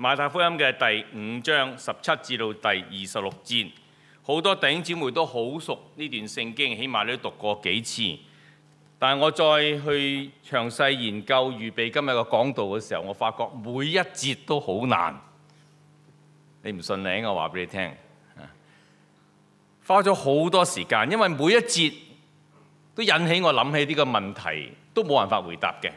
馬太福音嘅第五章十七至到第二十六節，好多弟兄姊妹都好熟呢段聖經，起碼你都讀過幾次。但係我再去詳細研究預備今日嘅講道嘅時候，我發覺每一節都好難。你唔信你，我話俾你聽，花咗好多時間，因為每一節都引起我諗起呢個問題，都冇辦法回答嘅。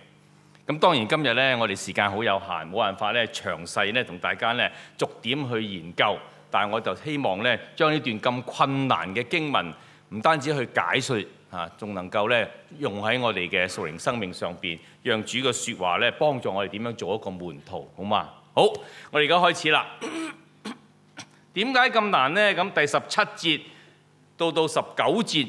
咁當然今日咧，我哋時間好有限，冇辦法咧詳細咧同大家咧逐點去研究。但係我就希望咧，將呢段咁困難嘅經文，唔單止去解説吓，仲能夠咧用喺我哋嘅屬靈生命上邊，讓主嘅説話咧幫助我哋點樣做一個門徒，好嗎？好，我哋而家開始啦。點解咁難咧？咁第十七節到到十九節，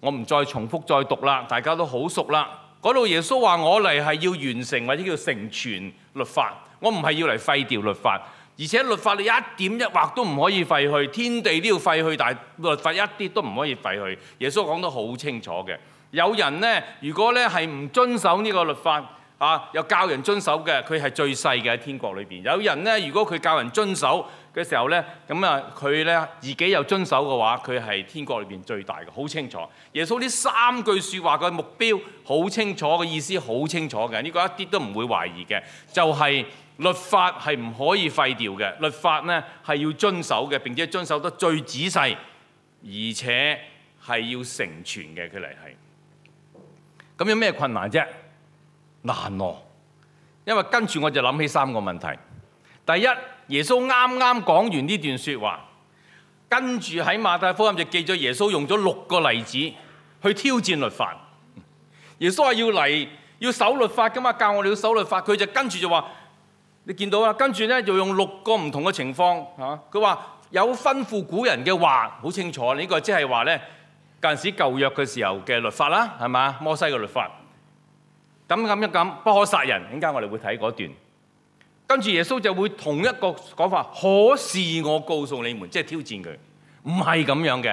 我唔再重複再讀啦，大家都好熟啦。嗰度耶穌話我嚟係要完成或者叫成全律法，我唔係要嚟廢掉律法，而且律法你一點一畫都唔可以廢去，天地都要廢去，但律法一啲都唔可以廢去。耶穌講得好清楚嘅，有人呢，如果呢係唔遵守呢個律法。啊！又教人遵守嘅，佢係最細嘅喺天國裏邊。有人呢，如果佢教人遵守嘅時候呢，咁啊，佢呢，自己又遵守嘅話，佢係天國裏邊最大嘅，好清楚。耶穌呢三句說話嘅目標好清楚，嘅意思好清楚嘅，呢個一啲都唔會懷疑嘅。就係律法係唔可以廢掉嘅，律法呢，係要遵守嘅，並且遵守得最仔細，而且係要成全嘅。佢嚟係咁有咩困難啫？難咯、啊，因為跟住我就諗起三個問題。第一，耶穌啱啱講完呢段説話，跟住喺馬太福音就記咗耶穌用咗六個例子去挑戰律法。耶穌話要嚟要守律法㗎嘛，教我哋要守律法。佢就跟住就話，你見到啊？跟住咧就用六個唔同嘅情況嚇。佢話有吩咐古人嘅話，好清楚。這個、就是說呢個即係話咧，嗰陣時舊約嘅時候嘅律法啦，係嘛？摩西嘅律法。咁咁一咁不可殺人，點解我哋會睇嗰段。跟住耶穌就會同一個講法，可是我告訴你們，即係挑戰佢，唔係咁樣嘅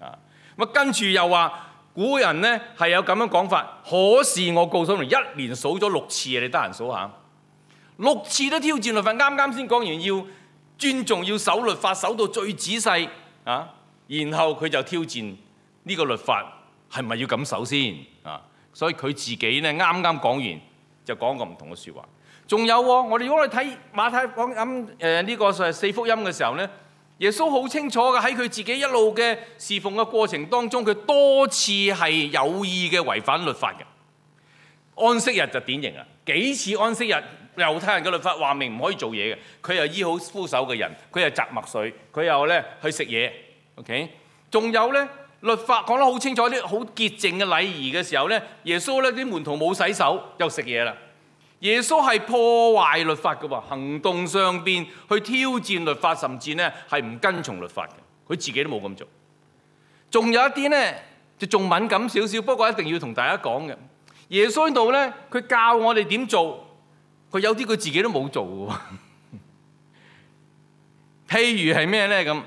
啊。咁跟住又話，古人咧係有咁樣講法，可是我告訴你們，一年數咗六次嘅，你得閒數下，六次都挑戰律法。啱啱先講完要尊重，要守律法守到最仔細啊，然後佢就挑戰呢個律法係咪要咁守先啊？所以佢自己咧啱啱講完就講個唔同嘅説話。仲有、啊、我哋如果去睇馬太講咁，誒呢個誒四福音嘅時候咧，耶穌好清楚嘅喺佢自己一路嘅侍奉嘅過程當中，佢多次係有意嘅違反律法嘅。安息日就典型啦！幾次安息日猶太人嘅律法話明唔可以做嘢嘅，佢又醫好枯手嘅人，佢又摘麥穗，佢又咧去食嘢。OK，仲有咧。律法講得好清楚，啲好潔淨嘅禮儀嘅時候呢，耶穌呢啲門徒冇洗手又食嘢啦。耶穌係破壞律法嘅喎，行動上邊去挑戰律法，甚至呢係唔跟從律法嘅，佢自己都冇咁做。仲有一啲呢，就仲敏感少少，不過一定要同大家講嘅，耶穌喺度呢，佢教我哋點做，佢有啲佢自己都冇做喎 譬如係咩呢？咁？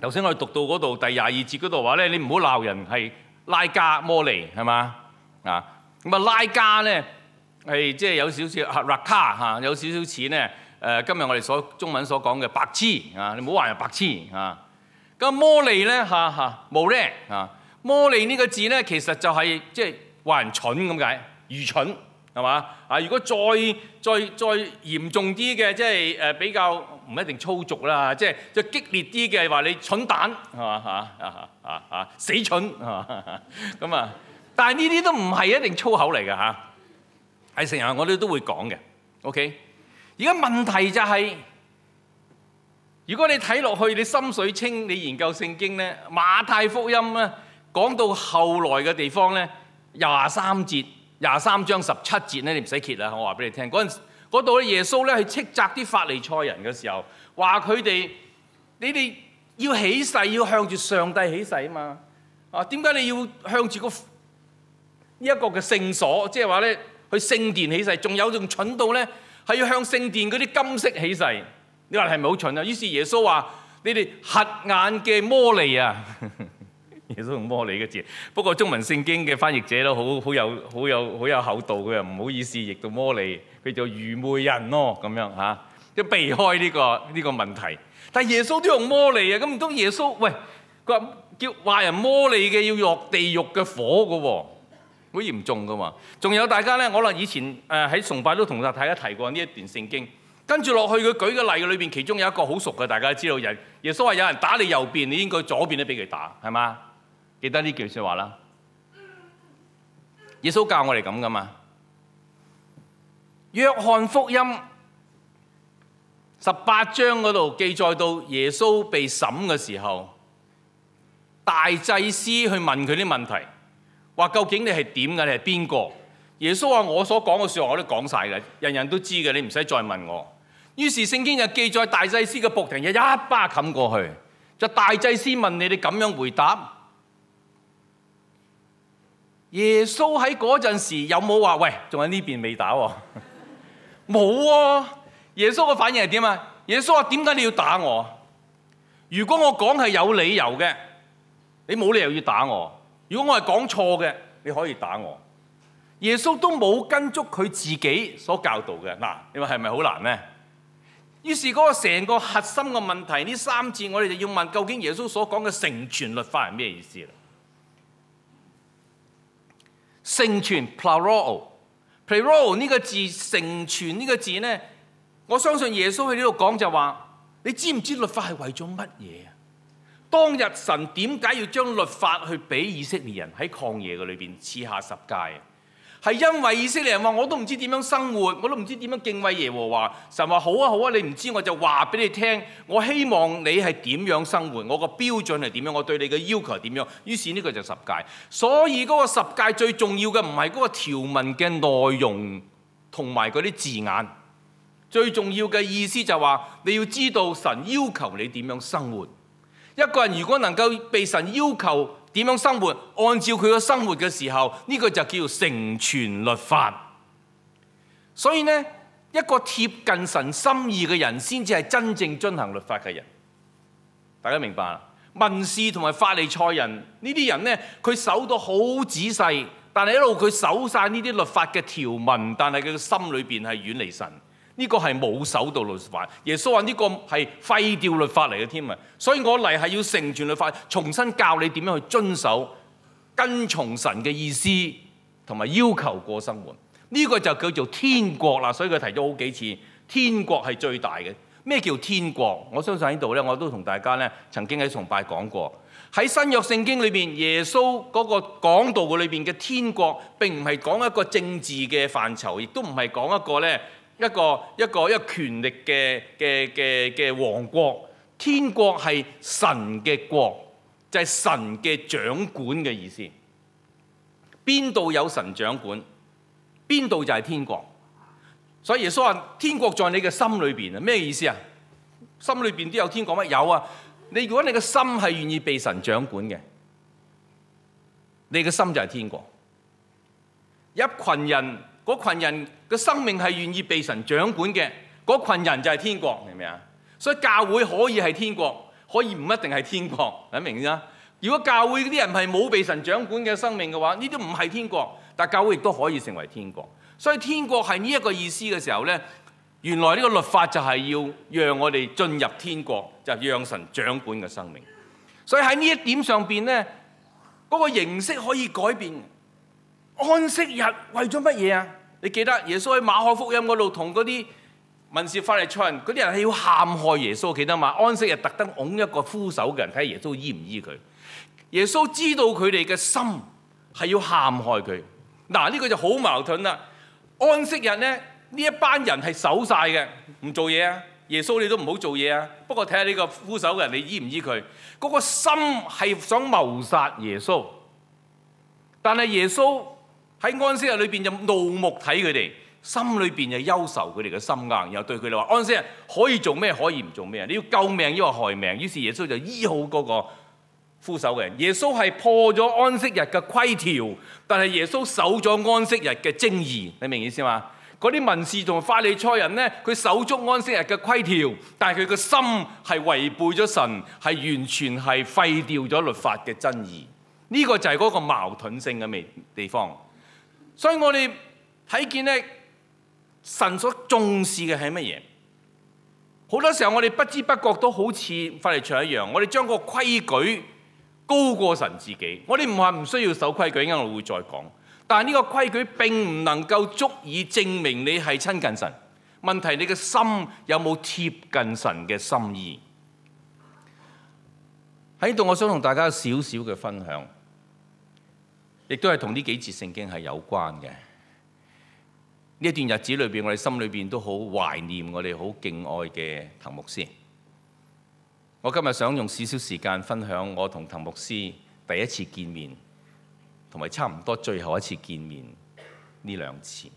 頭先我哋讀到嗰度第廿二節嗰度話咧，你唔好鬧人係拉加摩利係嘛啊？咁啊拉加咧係即係有少少嚇，拉卡嚇，有少少似咧，誒今日我哋所中文所講嘅白痴啊，你唔好話人白痴啊。咁啊摩利咧嚇，嚇冇叻啊，摩利呢，摩利摩利呢個字咧其實就係即係話人蠢咁解，愚蠢係嘛啊？如果再再再嚴重啲嘅，即係誒比較。唔一定粗俗啦，即係即係激烈啲嘅話你蠢蛋，係嘛嚇，啊啊啊死蠢係嘛咁啊！ 但係呢啲都唔係一定粗口嚟㗎嚇，係成日我哋都會講嘅。OK，而家問題就係、是、如果你睇落去，你心水清，你研究聖經咧，《馬太福音》咧講到後來嘅地方咧，廿三節、廿三章十七節咧，你唔使揭啦，我話俾你聽嗰嗰度嘅耶穌咧，去斥責啲法利賽人嘅時候，話佢哋：你哋要起誓要向住上帝起誓啊嘛！啊，點解你要向住個呢一個嘅聖所，即係話咧去聖殿起誓？仲有仲蠢到咧，係要向聖殿嗰啲金色起誓？你話係咪好蠢啊？於是耶穌話：你哋瞎眼嘅魔利啊！耶穌用魔利嘅字，不過中文聖經嘅翻譯者都好好有好有好有厚道，佢唔好意思譯到魔利，佢就愚昧人咯、哦、咁樣嚇，即、啊、避開呢、這個呢、這個問題。但係耶穌都用魔利啊，咁唔通耶穌喂，佢話叫壞人魔利嘅要落地獄嘅火嘅喎、哦，好嚴重嘅嘛。仲有大家咧，我啦以前誒喺崇拜都同大家提過呢一段聖經，跟住落去佢舉嘅例裏邊，其中有一個好熟嘅，大家都知道，人耶穌話有人打你右邊，你應該左邊都俾佢打，係嘛？記得呢句説話啦，耶穌教我哋咁噶嘛？約翰福音十八章嗰度記載到耶穌被審嘅時候，大祭司去問佢啲問題，話究竟你係點嘅？你係邊個？耶穌話：我所講嘅説話我都講曬嘅，人人都知嘅，你唔使再問我。於是聖經就記載大祭司嘅僕人一巴冚過去，就大祭司問你，你咁樣回答。耶穌喺嗰陣時有冇話，喂，仲喺呢邊未打我？冇喎。耶穌嘅反應係點啊？耶穌話：點解你要打我？如果我講係有理由嘅，你冇理由要打我；如果我係講錯嘅，你可以打我。耶穌都冇跟足佢自己所教導嘅。嗱，你話係咪好難呢？於是嗰個成個核心嘅問題，呢三次我哋就要問：究竟耶穌所講嘅成全律法係咩意思咧？成全，plural，plural 呢個字，成全呢個字呢，我相信耶穌喺呢度講就話、係，你知唔知道律法係為咗乜嘢啊？當日神點解要將律法去畀以色列人喺曠野嘅裏設下十戒？係因為以色列人話我都唔知點樣生活，我都唔知點樣敬畏耶和華。神話好啊好啊，你唔知我就話俾你聽。我希望你係點樣生活，我個標準係點樣，我對你嘅要求係點樣。於是呢個就十戒。所以嗰個十戒最重要嘅唔係嗰個條文嘅內容同埋嗰啲字眼，最重要嘅意思就係話你要知道神要求你點樣生活。一個人如果能夠被神要求。點樣生活？按照佢嘅生活嘅時候，呢個就叫成全律法。所以呢，一個貼近神心意嘅人，先至係真正遵行律法嘅人。大家明白啦。文士同埋法利賽人呢啲人呢，佢守到好仔細，但係一路佢守曬呢啲律法嘅條文，但係佢嘅心裏面係遠離神。呢個係冇守到律法，耶穌話呢個係廢掉律法嚟嘅添啊！所以我嚟係要成全律法，重新教你點樣去遵守、跟從神嘅意思同埋要求過生活。呢個就叫做天國啦，所以佢提咗好幾次，天國係最大嘅。咩叫天國？我相信喺度呢，我都同大家咧曾經喺崇拜講過。喺新約聖經裏邊，耶穌嗰個講道嘅裏邊嘅天國並唔係講一個政治嘅範疇，亦都唔係講一個呢。一個一個一個權力嘅王國，天國係神嘅國，就係、是、神嘅掌管嘅意思。邊度有神掌管，邊度就係天國。所以耶穌話：天國在你嘅心裏面，咩意思啊？心裏面都有天國乜？有啊！你如果你嘅心係願意被神掌管嘅，你嘅心就係天國。一群人。嗰羣人嘅生命係願意被神掌管嘅，嗰羣人就係天國，明唔明啊？所以教會可以係天國，可以唔一定係天國，明唔明啊？如果教會嗰啲人係冇被神掌管嘅生命嘅話，呢啲唔係天國，但教會亦都可以成為天國。所以天國係呢一個意思嘅時候呢，原來呢個律法就係要讓我哋進入天國，就係讓神掌管嘅生命。所以喺呢一點上邊呢，嗰個形式可以改變。安息日為咗乜嘢啊？你記得耶穌喺馬可福音嗰度同嗰啲文士發嚟唱，嗰啲人係要陷害耶穌，記得嘛？安息日特登拱一個枯手嘅人睇下耶穌醫唔醫佢。耶穌知道佢哋嘅心係要陷害佢，嗱、這、呢個就好矛盾啦。安息日咧呢一班人係守晒嘅，唔做嘢啊！耶穌你都唔好做嘢啊！不過睇下呢個枯手嘅人你醫唔醫佢，嗰、那個心係想謀殺耶穌，但係耶穌。喺安息日裏邊就怒目睇佢哋，心裏邊就憂愁佢哋嘅心硬，又對佢哋話：安息日可以做咩？可以唔做咩？你要救命，要話害命。於是耶穌就醫好嗰個枯手嘅人。耶穌係破咗安息日嘅規條，但係耶穌守咗安息日嘅真義。你明意思嘛？嗰啲文士同法利賽人呢，佢守足安息日嘅規條，但係佢個心係違背咗神，係完全係廢掉咗律法嘅真義。呢個就係嗰個矛盾性嘅未地方。所以我哋睇見你神所重視嘅係乜嘢？好多時候我哋不知不覺都好似法利賽一樣，我哋將個規矩高過神自己。我哋唔話唔需要守規矩，依家我會再講。但係呢個規矩並唔能夠足以證明你係親近神。問題是你嘅心有冇貼近神嘅心意？喺度，我想同大家少少嘅分享。亦都係同呢幾節聖經係有關嘅。呢段日子裏邊，我哋心裏邊都好懷念我哋好敬愛嘅藤牧師。我今日想用少少時間分享我同藤牧師第一次見面，同埋差唔多最後一次見面呢兩次。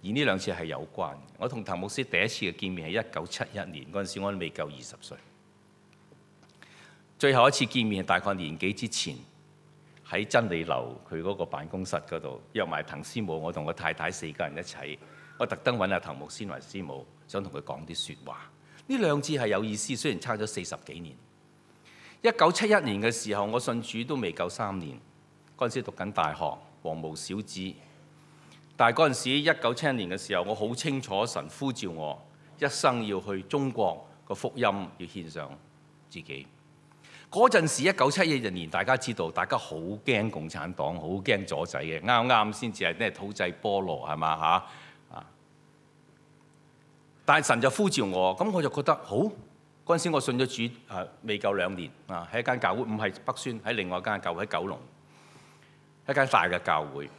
而呢兩次係有關嘅。我同藤牧師第一次嘅見面係一九七一年嗰陣時，我都未夠二十歲。最後一次見面係大概年幾之前。喺真理樓佢嗰個辦公室嗰度約埋滕師母。我同我太太四個人一齊，我特登揾阿滕木先華師母，想同佢講啲説話。呢兩次係有意思，雖然差咗四十幾年。一九七一年嘅時候，我信主都未夠三年，嗰陣時讀緊大學，黃毛小子。但係嗰陣時一九七一年嘅時候，我好清楚神呼召我一生要去中國個福音，要獻上自己。嗰陣時一九七一年，大家知道，大家好驚共產黨，好驚阻仔嘅，啱啱先至係咩土製菠蘿係嘛嚇啊！但係神就呼召我，咁我就覺得好。嗰陣時我信咗主，誒未夠兩年啊，喺一間教會，唔係北宣，喺另外一間教會喺九龍，一間大嘅教會。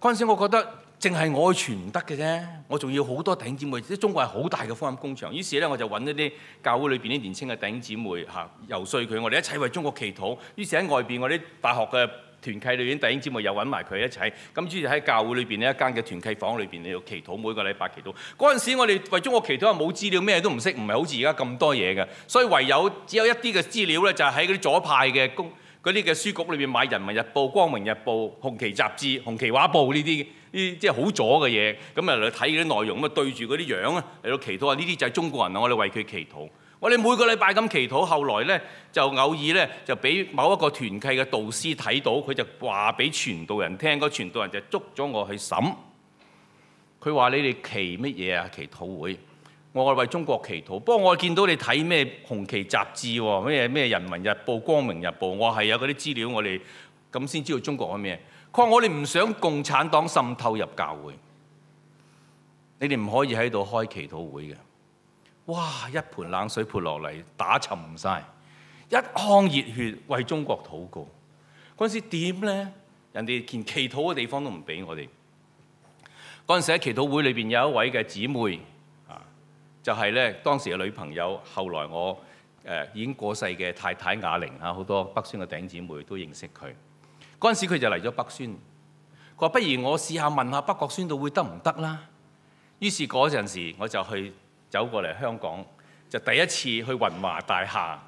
嗰陣時我覺得。淨係我傳唔得嘅啫，我仲要好多弟兄姊妹，啲中國係好大嘅福音工場。於是咧，我就揾一啲教會裏邊啲年青嘅弟兄姊妹嚇，游説佢，我哋一齊為中國祈禱。於是喺外邊我啲大學嘅團契裏邊，弟兄姊妹又揾埋佢一齊。咁於是喺教會裏邊呢一間嘅團契房裏邊，你要祈禱，每個禮拜祈禱。嗰陣時我哋為中國祈禱啊，冇資料，咩都唔識，唔係好似而家咁多嘢嘅。所以唯有只有一啲嘅資料咧，就係喺嗰啲左派嘅公嗰啲嘅書局裏邊買《人民日報》《光明日報》紅旗《紅旗雜誌》《紅旗畫報》呢啲。啲即係好咗嘅嘢，咁啊嚟睇嗰啲內容，咁啊對住嗰啲樣啊嚟到祈禱。呢啲就係中國人，我哋為佢祈禱。我哋每個禮拜咁祈禱，後來咧就偶爾咧就俾某一個團契嘅導師睇到，佢就話俾傳道人聽，嗰傳道人就捉咗我去審。佢話你哋祈乜嘢啊？祈禱會，我係為中國祈禱。不過我見到你睇咩紅旗雜誌喎，咩咩人民日報、光明日報，我係有嗰啲資料，我哋咁先知道中國係咩。我哋唔想共產黨滲透入教會，你哋唔可以喺度開祈禱會嘅。哇！一盆冷水潑落嚟，打沉唔曬。一腔熱血為中國禱告，嗰陣時點咧？人哋連祈禱嘅地方都唔俾我哋。嗰陣時喺祈禱會裏邊有一位嘅姊妹啊，就係、是、呢當時嘅女朋友，後來我誒、呃、已經過世嘅太太雅玲啊，好多北宣嘅頂姊妹都認識佢。嗰陣時佢就嚟咗北宣，佢話不如我試下問下北角宣道會得唔得啦。於是嗰陣時我就去走過嚟香港，就第一次去雲華大廈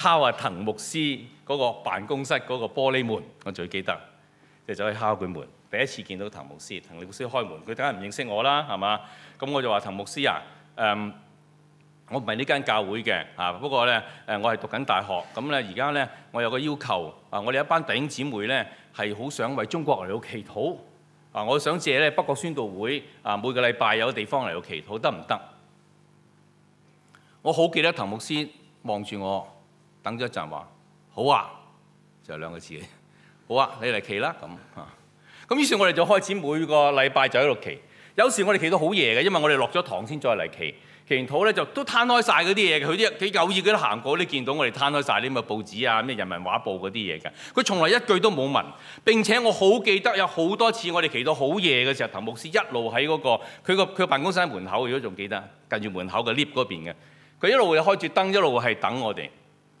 敲阿、啊、滕牧師嗰個辦公室嗰個玻璃門，我最記得，就走去敲佢門。第一次見到滕牧師，滕牧師開門，佢梗係唔認識我啦，係嘛？咁我就話滕牧師啊，誒、嗯。我唔係呢間教會嘅，啊不過呢，誒我係讀緊大學，咁呢，而家呢，我有個要求，啊我哋一班弟兄姊妹呢，係好想為中國嚟到祈禱，啊我想借呢北角宣道會啊每個禮拜有地方嚟到祈禱得唔得？我好記得滕牧師望住我，等咗一陣話，好啊，就係兩個字，好啊，你嚟祈啦咁。咁於是我哋就開始每個禮拜就喺度祈，有時我哋祈到好夜嘅，因為我哋落咗堂先再嚟祈。祈禱咧就都攤開晒嗰啲嘢嘅，佢啲幾有意佢都行過，啲見到我哋攤開晒啲咩報紙啊、咩人民畫報嗰啲嘢嘅。佢從來一句都冇問。並且我好記得有好多次我哋祈到好夜嘅時候，藤牧師一路喺嗰、嗰個佢個佢辦公室嘅門口，如果仲記得，近住門口嘅 lift 嗰邊嘅。佢一路會開住燈，一路係等我哋。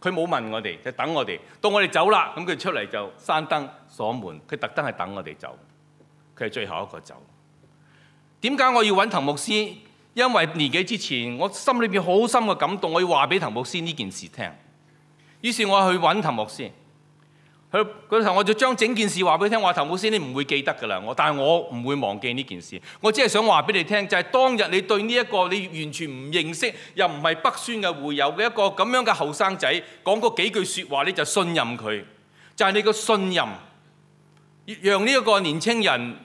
佢冇問我哋，就等我哋。到我哋走啦，咁佢出嚟就閂燈鎖門。佢特登係等我哋走，佢係最後一個走。點解我要揾藤牧師？因為年紀之前，我心裏邊好深嘅感動，我要話俾滕牧師呢件事聽。於是我去揾滕牧師，嗰時候我就將整件事話俾佢聽，話滕牧師你唔會記得噶啦，但我但係我唔會忘記呢件事，我只係想話俾你聽，就係、是、當日你對呢一個你完全唔認識，又唔係北宣嘅會友嘅一個咁樣嘅後生仔講過幾句說話，你就信任佢，就係、是、你個信任，讓呢一個年青人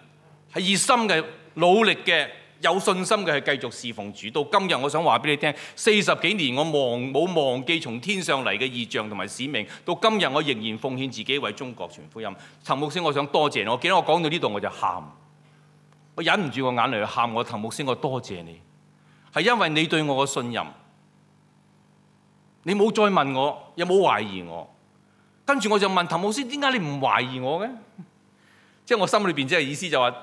係熱心嘅、努力嘅。有信心嘅係繼續侍奉主到今日。我想話俾你聽，四十幾年我忘冇忘記從天上嚟嘅異象同埋使命。到今日我仍然奉獻自己為中國傳福音。陳牧師，我想多謝你。我記得我講到呢度我就喊，我忍唔住個眼淚去喊。我陳牧師，我多謝你，係因為你對我嘅信任，你冇再問我，又冇懷疑我。跟住我就問陳牧師：點解你唔懷疑我嘅？即係我心裏邊即係意思就話。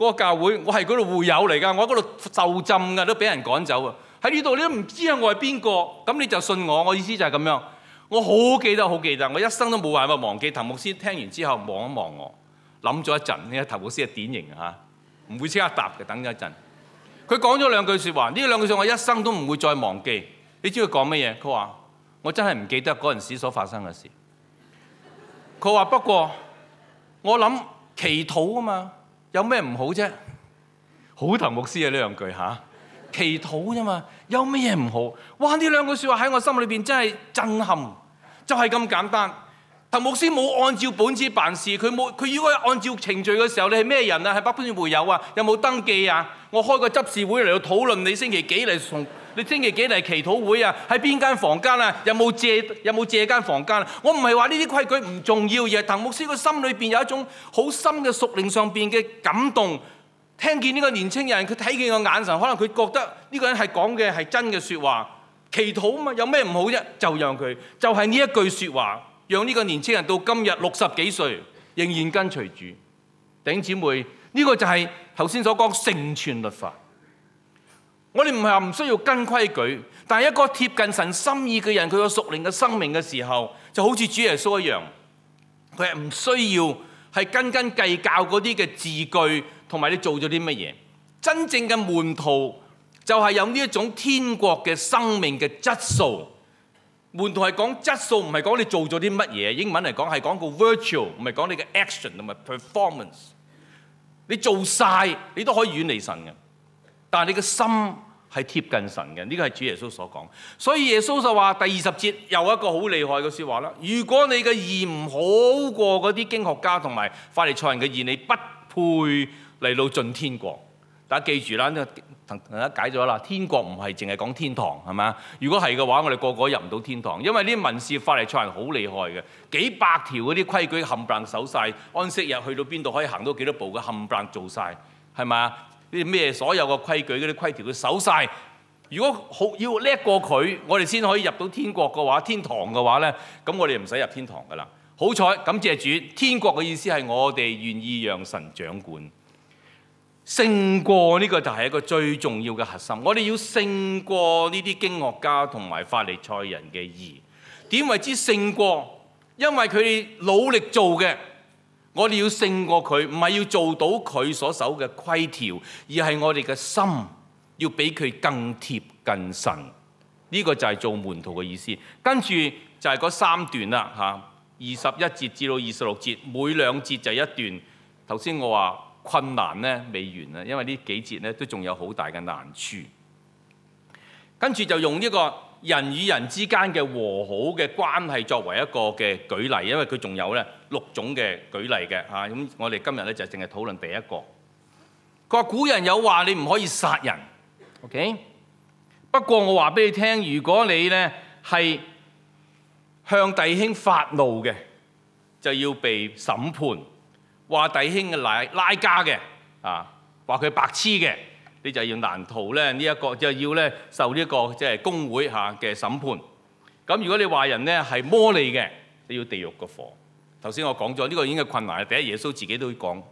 嗰個教會，我係嗰度會友嚟㗎，我喺嗰度受浸㗎，都俾人趕走啊！喺呢度你都唔知我係邊個，咁你就信我。我意思就係咁樣。我好記得，好記得，我一生都冇辦法忘記。藤牧師聽完之後望一望我，諗咗一陣。呢個藤牧師係典型㗎，唔會即刻答嘅，等咗一陣。佢講咗兩句説話，呢兩句説話我一生都唔會再忘記。你知佢講乜嘢？佢話：我真係唔記得嗰陣時所發生嘅事。佢話：不過我諗祈禱啊嘛。有咩唔好啫？好頭牧師啊，呢兩句吓，祈禱啫嘛。有咩唔好？哇！呢兩句說話喺我心裏面真係震撼，就係咁簡單。頭牧師冇按照本子辦事，佢冇，佢如果按照程序嘅時候，你係咩人啊？係北區會友啊？有冇登記啊？我開個執事會嚟到討論你星期幾嚟送？你星期幾嚟祈禱會啊？喺邊間房間啊？有冇借，有冇借間房間啊？我唔係話呢啲規矩唔重要。而係藤牧師個心裏邊有一種好深嘅屬靈上邊嘅感動，聽見呢個年輕人，佢睇見個眼神，可能佢覺得呢個人係講嘅係真嘅説話，祈禱啊嘛，有咩唔好啫？就讓佢，就係呢一句説話，讓呢個年輕人到今日六十幾歲仍然跟隨主。頂姊妹，呢個就係頭先所講嘅成全律法。我哋唔係話唔需要跟規矩，但係一個貼近神心意嘅人，佢有熟練嘅生命嘅時候，就好似主耶穌一樣，佢係唔需要係斤斤計較嗰啲嘅字句，同埋你做咗啲乜嘢。真正嘅門徒就係有呢一種天國嘅生命嘅質素。門徒係講質素，唔係講你做咗啲乜嘢。英文嚟講係講個 virtue，唔係講你嘅 action 同埋 performance。你做晒你都可以遠離神嘅。但係你嘅心係貼近神嘅，呢個係主耶穌所講。所以耶穌就話第二十節又有一個好厲害嘅說話啦。如果你嘅義唔好過嗰啲經學家同埋法利賽人嘅義，你不配嚟到進天國。大家記住啦，同大家解咗啦。天國唔係淨係講天堂係咪？如果係嘅話，我哋個個入唔到天堂，因為啲文士法利賽人好厲害嘅，幾百條嗰啲規矩冚唪唥守晒，安息日去到邊度可以行到幾多步嘅冚唪唥做晒，係咪？是啲咩所有嘅規矩嗰啲規條佢守晒。如果好要叻過佢，我哋先可以入到天國嘅話，天堂嘅話呢，咁我哋唔使入天堂噶啦。好彩感謝主，天國嘅意思係我哋願意讓神掌管。勝過呢個就係一個最重要嘅核心。我哋要勝過呢啲經學家同埋法利賽人嘅義。點為之勝過？因為佢哋努力做嘅。我哋要勝過佢，唔係要做到佢所守嘅規條，而係我哋嘅心要比佢更貼近神。呢、這個就係做門徒嘅意思。跟住就係嗰三段啦，嚇，二十一節至到二十六節，每兩節就一段。頭先我話困難咧未完啦，因為呢幾節咧都仲有好大嘅難處。跟住就用呢、這個。人與人之間嘅和好嘅關係作為一個嘅舉例，因為佢仲有六種嘅舉例嘅，我哋今日就淨係討論第一個。佢話古人有話你唔可以殺人，OK？不過我話俾你聽，如果你咧係向弟兄發怒嘅，就要被審判；話弟兄嘅拉拉家嘅，啊話佢白痴嘅。你就係要難逃咧呢一個，就要咧受呢一個即係公會嚇嘅審判。咁如果你話人咧係魔利嘅，你要地獄個火。頭先我講咗，呢個已經係困難嘅。第一，耶穌自己都講，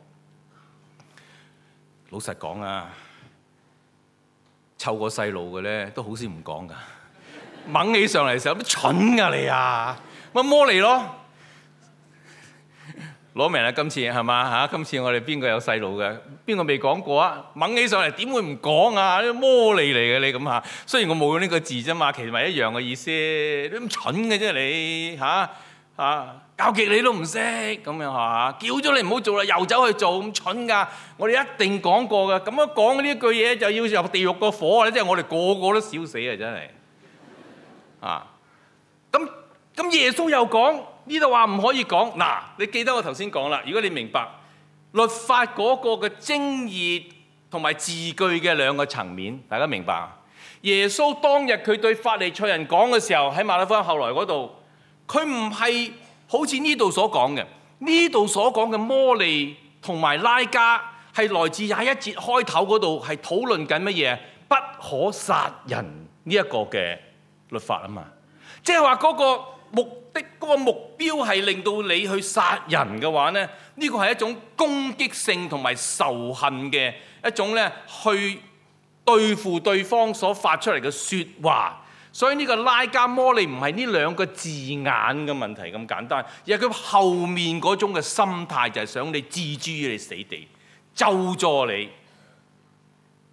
老實講啊，湊個細路嘅咧都好少唔講噶，掹起上嚟時候，啲蠢噶你啊，乜魔利咯？攞命啊！今次係嘛嚇？今次我哋邊個有細路嘅？邊個未講過啊？掹起上嚟點會唔講啊？魔力嚟嘅你咁嚇。雖然我冇用呢個字啫嘛，其實咪一樣嘅意思。你咁蠢嘅啫你嚇嚇，搞極你都唔識咁樣嚇，叫咗你唔好做啦，又走去做咁蠢噶。我哋一定講過嘅，咁樣講呢句嘢就要入地獄個火咧，即係我哋個個都笑死啊！真係啊，咁咁耶穌又講。呢度話唔可以講嗱，你記得我頭先講啦。如果你明白律法嗰個嘅精義同埋字句嘅兩個層面，大家明白？耶穌當日佢對法利賽人講嘅時候，喺馬拉方後來嗰度，佢唔係好似呢度所講嘅。呢度所講嘅摩利同埋拉加係來自廿一節開頭嗰度，係討論緊乜嘢？不可殺人呢一個嘅律法啊嘛，即係話嗰個目的、嗰個目標係令到你去殺人嘅話咧，呢、呢個係一種攻擊性同埋仇恨嘅一種呢，去對付對方所發出嚟嘅説話。所以呢個拉加摩利唔係呢兩個字眼嘅問題咁簡單，而係佢後面嗰種嘅心態就係想你置諸於你死地，咒助你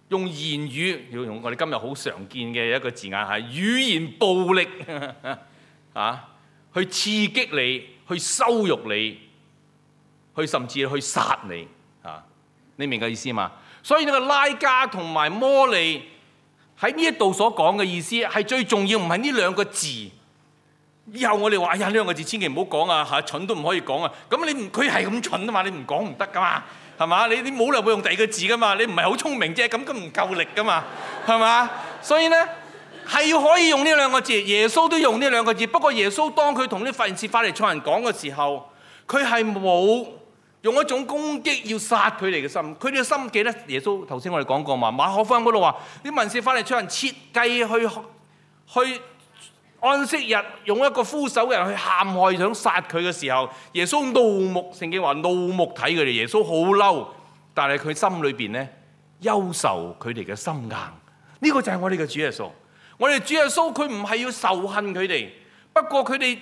用言語，要用我哋今日好常見嘅一個字眼，係語言暴力 啊！去刺激你，去羞辱你，去甚至去殺你啊！你明我嘅意思嘛？所以呢個拉加同埋摩利喺呢一度所講嘅意思係最重要，唔係呢兩個字。以後我哋話：哎呀，呢兩個字千祈唔好講啊！嚇，蠢都唔可以講啊！咁你唔佢係咁蠢啊嘛？你唔講唔得噶嘛？係嘛？你你冇理由會用第二個字噶嘛？你唔係好聰明啫，咁咁唔夠力噶嘛？係嘛？所以呢，係要可以用呢兩個字，耶穌都用呢兩個字。不過耶穌當佢同啲法利賽、法利賽人講嘅時候，佢係冇用一種攻擊要殺佢哋嘅心。佢哋嘅心記得耶穌頭先我哋講過嘛，馬可福音嗰度話啲文士、法利賽人設計去去安息日用一個枯手嘅人去陷害想殺佢嘅時候，耶穌怒目，聖經話怒目睇佢哋。耶穌好嬲，但係佢心裏邊咧憂愁佢哋嘅心硬。呢、這個就係我哋嘅主耶穌。我哋主耶穌佢唔係要仇恨佢哋，不過佢哋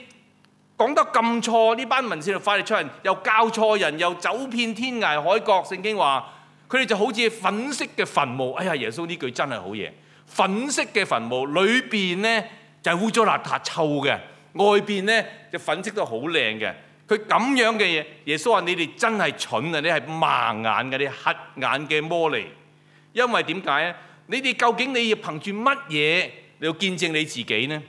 講得咁錯，呢班文士就快啲出人，又教錯人，又走遍天涯海角。聖經話佢哋就好似粉色嘅墳墓。哎呀，耶穌呢句真係好嘢，粉色嘅墳墓裏邊咧就污糟邋遢臭嘅，外邊咧就粉色到好靚嘅。佢咁樣嘅嘢，耶穌話你哋真係蠢啊！你係盲眼嘅，你黑眼嘅魔嚟。因為點解咧？你哋究竟你要憑住乜嘢？要見證你自己呢？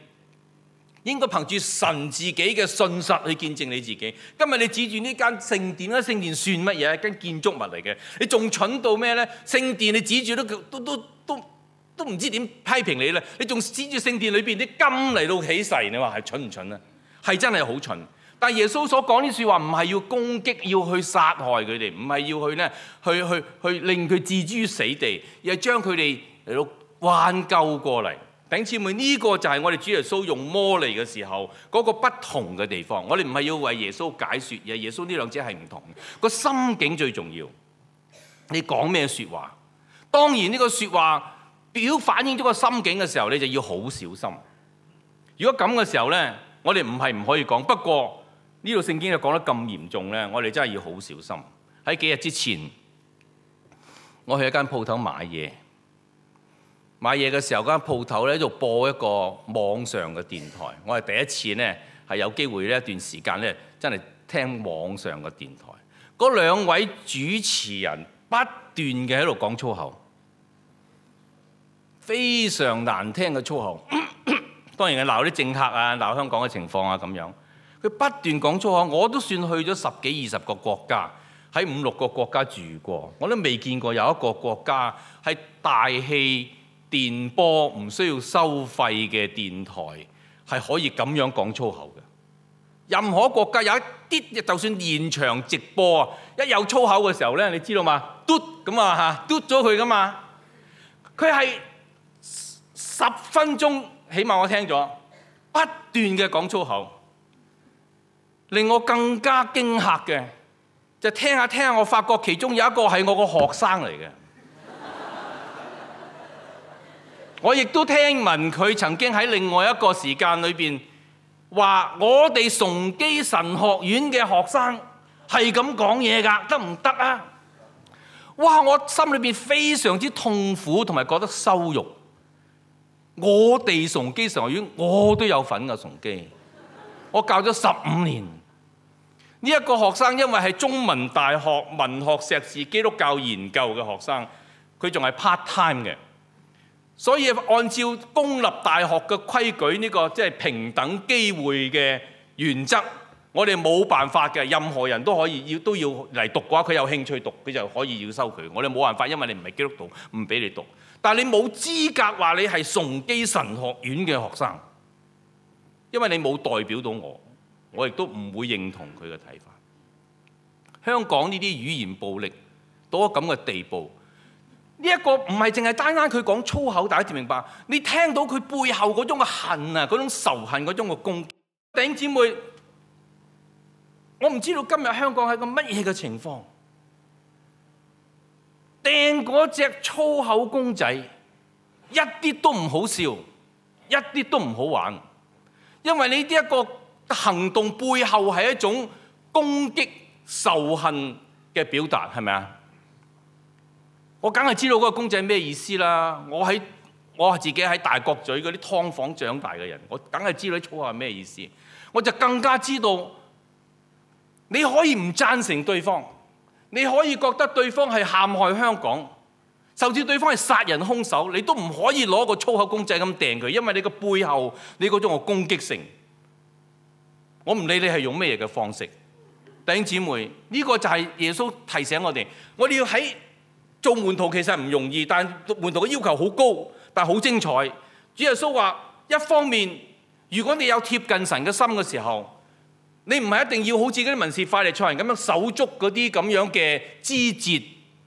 應該憑住神自己嘅信實去見證你自己。今日你指住呢間聖殿咧，聖殿算乜嘢？一間建築物嚟嘅，你仲蠢到咩呢？聖殿你指住都都都都都唔知點批評你咧？你仲指住聖殿裏邊啲金嚟到起誓？你話係蠢唔蠢咧？係真係好蠢。但耶穌所講啲說話唔係要攻擊，要去殺害佢哋，唔係要去呢，去去去令佢置之於死地，而係將佢哋嚟到挽救過嚟。弟兄姊妹，呢、這個就係我哋主耶穌用魔嚟嘅時候嗰、那個不同嘅地方。我哋唔係要為耶穌解說嘢，而耶穌呢兩者係唔同。個心境最重要。你講咩說話？當然呢個說話表反映咗個心境嘅時候，你就要好小心。如果咁嘅時候呢，我哋唔係唔可以講。不過呢度聖經就講得咁嚴重呢，我哋真係要好小心。喺幾日之前，我去一間鋪頭買嘢。買嘢嘅時候，間鋪頭呢喺度播一個網上嘅電台。我係第一次呢，係有機會呢一段時間呢，真係聽網上嘅電台。嗰兩位主持人不斷嘅喺度講粗口，非常難聽嘅粗口。咳咳，當然係鬧啲政客啊，鬧香港嘅情況啊咁樣。佢不斷講粗口，我都算去咗十幾二十個國家，喺五六個國家住過，我都未見過有一個國家係大氣電波唔需要收費嘅電台係可以咁樣講粗口嘅。任何國家有一啲，就算現場直播啊，一有粗口嘅時候呢，你知道嘛？嘟咁啊嚇，嘟咗佢噶嘛。佢係十分鐘，起碼我聽咗不斷嘅講粗口，令我更加驚嚇嘅就聽下聽下，我發覺其中有一個係我個學生嚟嘅。我亦都聽聞佢曾經喺另外一個時間裏面話：我哋崇基神學院嘅學生係咁講嘢㗎，得唔得啊？哇！我心裏面非常之痛苦同埋覺得羞辱。我哋崇基神學院，我都有份㗎、啊，崇基。我教咗十五年，呢、這、一個學生因為係中文大學文學碩士基督教研究嘅學生，佢仲係 part time 嘅。所以按照公立大學嘅規矩，呢個即係平等機會嘅原則，我哋冇辦法嘅。任何人都可以要都要嚟讀嘅話，佢有興趣讀，佢就可以要收佢。我哋冇辦法，因為你唔係基督徒，唔俾你讀。但你冇資格話你係崇基神學院嘅學生，因為你冇代表到我，我亦都唔會認同佢嘅睇法。香港呢啲語言暴力到咗咁嘅地步。呢一個唔係淨係單單佢講粗口，大家明白？你聽到佢背後嗰種嘅恨啊，嗰種仇恨，嗰種嘅攻擊，弟兄姊妹，我唔知道今日香港係個乜嘢嘅情況。掟嗰隻粗口公仔，一啲都唔好笑，一啲都唔好玩，因為呢啲一個行動背後係一種攻擊仇恨嘅表達，係咪啊？我梗係知道嗰個公仔咩意思啦！我喺我自己喺大角咀嗰啲劏房長大嘅人，我梗係知道啲粗口係咩意思。我就更加知道你可以唔贊成對方，你可以覺得對方係陷害香港，甚至對方係殺人兇手，你都唔可以攞個粗口公仔咁掟佢，因為你個背後你嗰種嘅攻擊性，我唔理你係用咩嘢嘅方式。弟兄姊妹，呢、這個就係耶穌提醒我哋，我哋要喺。做門徒其實唔容易，但門徒嘅要求好高，但係好精彩。主耶穌話：一方面，如果你有貼近神嘅心嘅時候，你唔係一定要好似嗰啲文士法利賽人咁樣守足嗰啲咁樣嘅枝節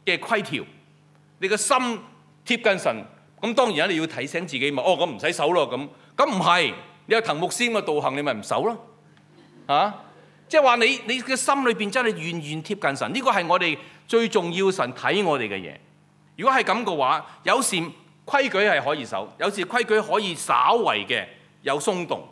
嘅規條，你嘅心貼近神，咁當然啊，你要提醒自己嘛。哦，咁唔使守咯，咁咁唔係你有藤木仙咁嘅道行，你咪唔守咯嚇。即係話你你嘅心裏邊真係願意貼近神，呢個係我哋最重要的神睇我哋嘅嘢。如果係咁嘅話，有時規矩係可以守，有時規矩可以稍為嘅有鬆動。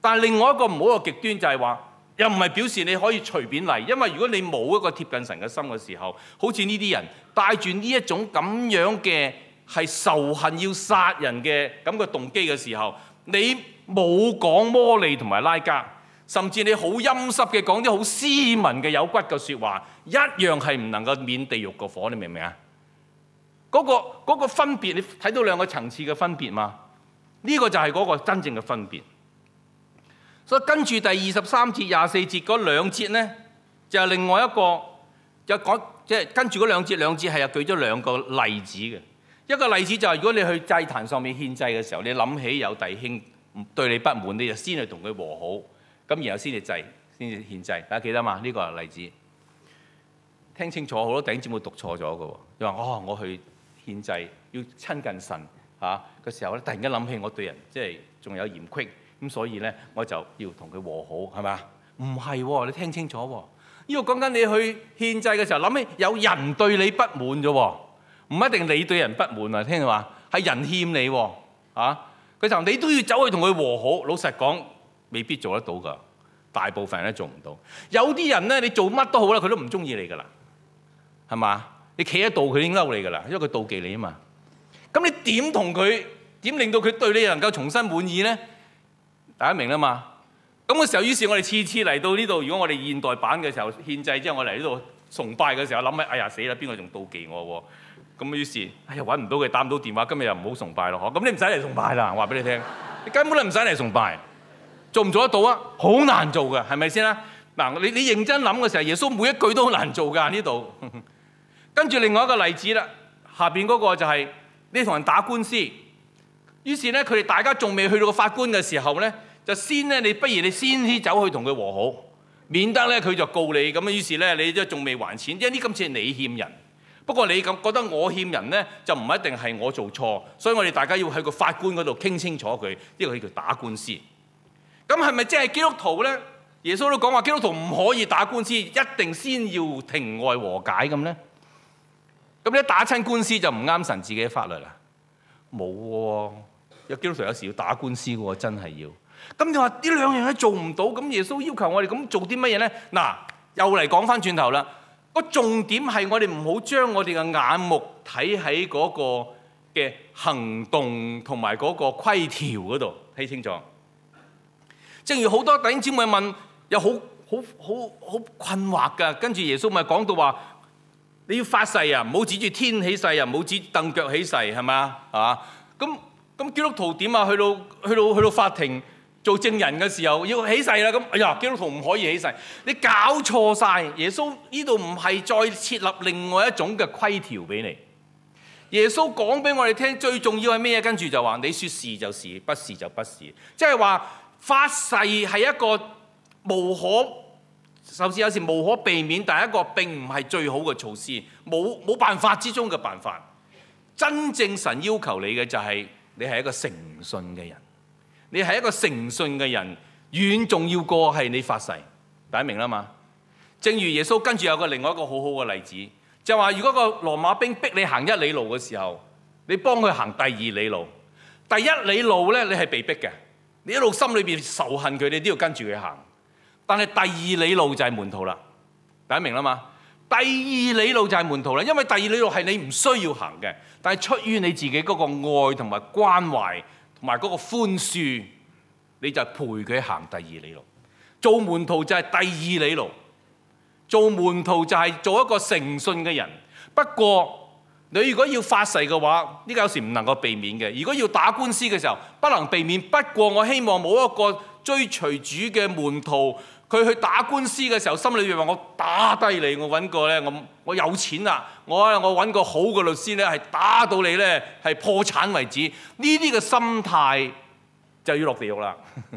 但係另外一個唔好嘅極端就係話，又唔係表示你可以隨便嚟，因為如果你冇一個貼近神嘅心嘅時候，好似呢啲人帶住呢一種咁樣嘅係仇恨要殺人嘅咁嘅動機嘅時候，你冇講摩利同埋拉加。甚至你好陰濕嘅講啲好斯文嘅有骨嘅説話，一樣係唔能夠免地獄個火。你明唔明啊？嗰個嗰個分別，你睇到兩個層次嘅分別嘛？呢個就係嗰個真正嘅分別。所以跟住第二十三節、廿四節嗰兩節呢，就係另外一個就講，即係跟住嗰兩節兩節係又舉咗兩個例子嘅。一個例子就係如果你去祭壇上面獻祭嘅時候，你諗起有弟兄對你不滿，你就先去同佢和好。咁然後先至祭，先至獻祭。大家記得嘛？呢、這個係例子。聽清楚，好多頂尖姊妹讀錯咗嘅。你話：哦，我去獻祭，要親近神。嚇、啊，嘅時候咧，突然間諗起我對人即係仲有嫌隙，咁所以咧我就要同佢和好，係咪啊？唔係喎，你聽清楚喎、哦。呢個講緊你去獻祭嘅時候，諗起有人對你不滿啫，唔一定你對人不滿啊。聽到話係人欠你喎、哦，啊，佢就你都要走去同佢和好。老實講。未必做得到㗎，大部分人都做唔到。有啲人咧，你做乜都好啦，佢都唔中意你㗎啦，係嘛？你企喺度，佢已經嬲你㗎啦，因為佢妒忌你啊嘛。咁你點同佢，點令到佢對你能夠重新滿意咧？大家明啦嘛？咁嘅時候，於是，我哋次次嚟到呢度。如果我哋現代版嘅時候，獻祭之後，我這裏，我嚟呢度崇拜嘅時候，我諗咧，哎呀死啦，邊個仲妒忌我喎？咁於是，哎呀，揾唔到佢，打唔到電話，今日又唔好崇拜咯，可？咁你唔使嚟崇拜啦，話俾你聽，你根本都唔使嚟崇拜。做唔做得到啊？好難做嘅，係咪先啦？嗱，你你認真諗嘅時候，耶穌每一句都好難做㗎呢度。跟住 另外一個例子啦，下邊嗰個就係你同人打官司，於是咧佢哋大家仲未去到個法官嘅時候咧，就先咧你，不如你先先走去同佢和好，免得咧佢就告你。咁於是咧你都仲未還錢，因為呢今次係你欠人。不過你咁覺得我欠人咧，就唔一定係我做錯，所以我哋大家要喺個法官嗰度傾清楚佢，呢個叫做打官司。咁係咪即係基督徒咧？耶穌都講話基督徒唔可以打官司，一定先要庭外和解咁咧。咁你一打親官司就唔啱神自己嘅法律啦。冇喎、啊，有基督徒有時要打官司喎，真係要。咁你話呢兩樣嘢做唔到，咁耶穌要求我哋咁做啲乜嘢咧？嗱，又嚟講翻轉頭啦。個重點係我哋唔好將我哋嘅眼目睇喺嗰個嘅行動同埋嗰個規條嗰度，睇清楚。正如好多弟兄姊妹問有好好好好困惑嘅，跟住耶穌咪講到話：你要發誓啊，唔好指住天起誓，唔好指凳腳起誓，係咪？係嘛？咁咁基督徒點啊？去到去到去到法庭做證人嘅時候，要起誓啦。咁哎呀，基督徒唔可以起誓，你搞錯晒。耶穌呢度唔係再設立另外一種嘅規條俾你。耶穌講俾我哋聽，最重要係咩？跟住就話：你說是就是，不是就不是，即係話。發誓係一個無可，甚至有時無可避免，但係一個並唔係最好嘅措施，冇冇辦法之中嘅辦法。真正神要求你嘅就係你係一個誠信嘅人，你係一個誠信嘅人，遠重要過係你發誓。大家明啦嘛？正如耶穌跟住有個另外一個好好嘅例子，就話如果個羅馬兵逼你行一里路嘅時候，你幫佢行第二里路，第一里路呢，你係被逼嘅。你一路心裏邊仇恨佢，你都要跟住佢行。但係第二里路就係門徒啦，大家明啦嘛？第二里路就係門徒啦，因為第二里路係你唔需要行嘅，但係出於你自己嗰個愛同埋關懷同埋嗰個寬恕，你就係陪佢行第二里路。做門徒就係第二里路，做門徒就係做一個誠信嘅人。不過，你如果要發誓嘅話，呢個有時唔能夠避免嘅。如果要打官司嘅時候不能避免，不過我希望冇一個追隨主嘅門徒，佢去打官司嘅時候心裏面話我打低你，我揾個呢，我我有錢啊，我我揾個好嘅律師呢，係打到你呢，係破產為止。呢啲嘅心態就要落地獄啦，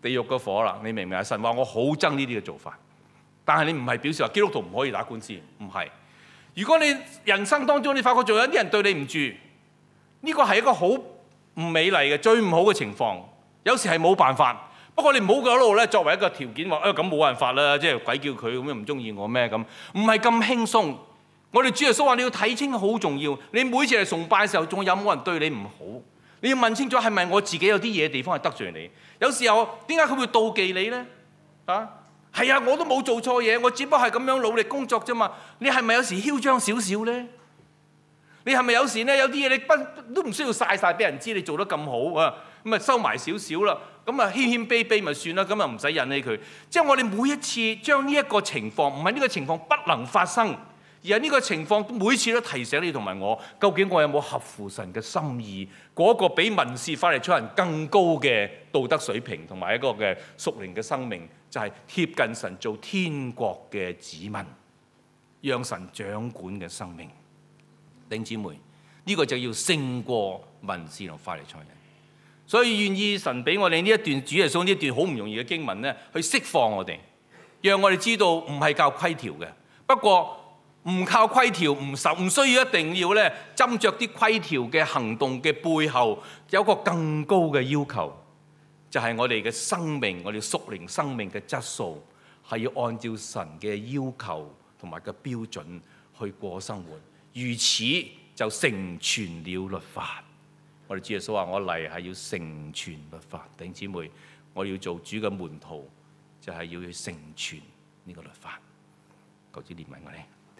地獄嘅火啦，你明唔明啊？神話我好憎呢啲嘅做法，但係你唔係表示話基督徒唔可以打官司，唔係。如果你人生當中你發覺仲有啲人對你唔住，呢個係一個好唔美麗嘅最唔好嘅情況。有時係冇辦法，不過你唔好喺度咧作為一個條件話，誒咁冇辦法啦，即係鬼叫佢咁樣唔中意我咩咁，唔係咁輕鬆。我哋主耶穌話你要睇清好重要。你每次嚟崇拜嘅時候，仲有冇人對你唔好？你要問清楚係咪我自己有啲嘢地方係得罪你？有時候點解佢會妒忌你咧？啊！係啊，我都冇做錯嘢，我只不過係咁樣努力工作咋嘛。你係咪有時囂張少少呢？你係咪有時呢？有啲嘢你不都唔需要晒晒俾人知你做得咁好啊？咪收埋少少啦。咁咪謙謙卑卑咪算啦。咁咪唔使引起佢。即係我哋每一次將呢一個情況，唔係呢個情況不能發生。而呢個情況每次都提醒你同埋我，究竟我有冇合乎神嘅心意？嗰個比文士法利賽人更高嘅道德水平同埋一個嘅屬靈嘅生命，就係貼近神做天國嘅子民，讓神掌管嘅生命。弟兄姊妹，呢個就要勝過文士同法利賽人。所以願意神俾我哋呢一段主耶穌呢一段好唔容易嘅經文咧，去釋放我哋，讓我哋知道唔係教規條嘅，不過。唔靠規條，唔受，唔需要一定要咧，斟酌啲規條嘅行動嘅背後，有個更高嘅要求，就係、是、我哋嘅生命，我哋屬靈生命嘅質素，係要按照神嘅要求同埋嘅標準去過生活。如此就成全了律法。我哋主耶穌話：我嚟係要成全律法。弟姊妹，我要做主嘅門徒，就係、是、要去成全呢個律法。求主憐憫我哋。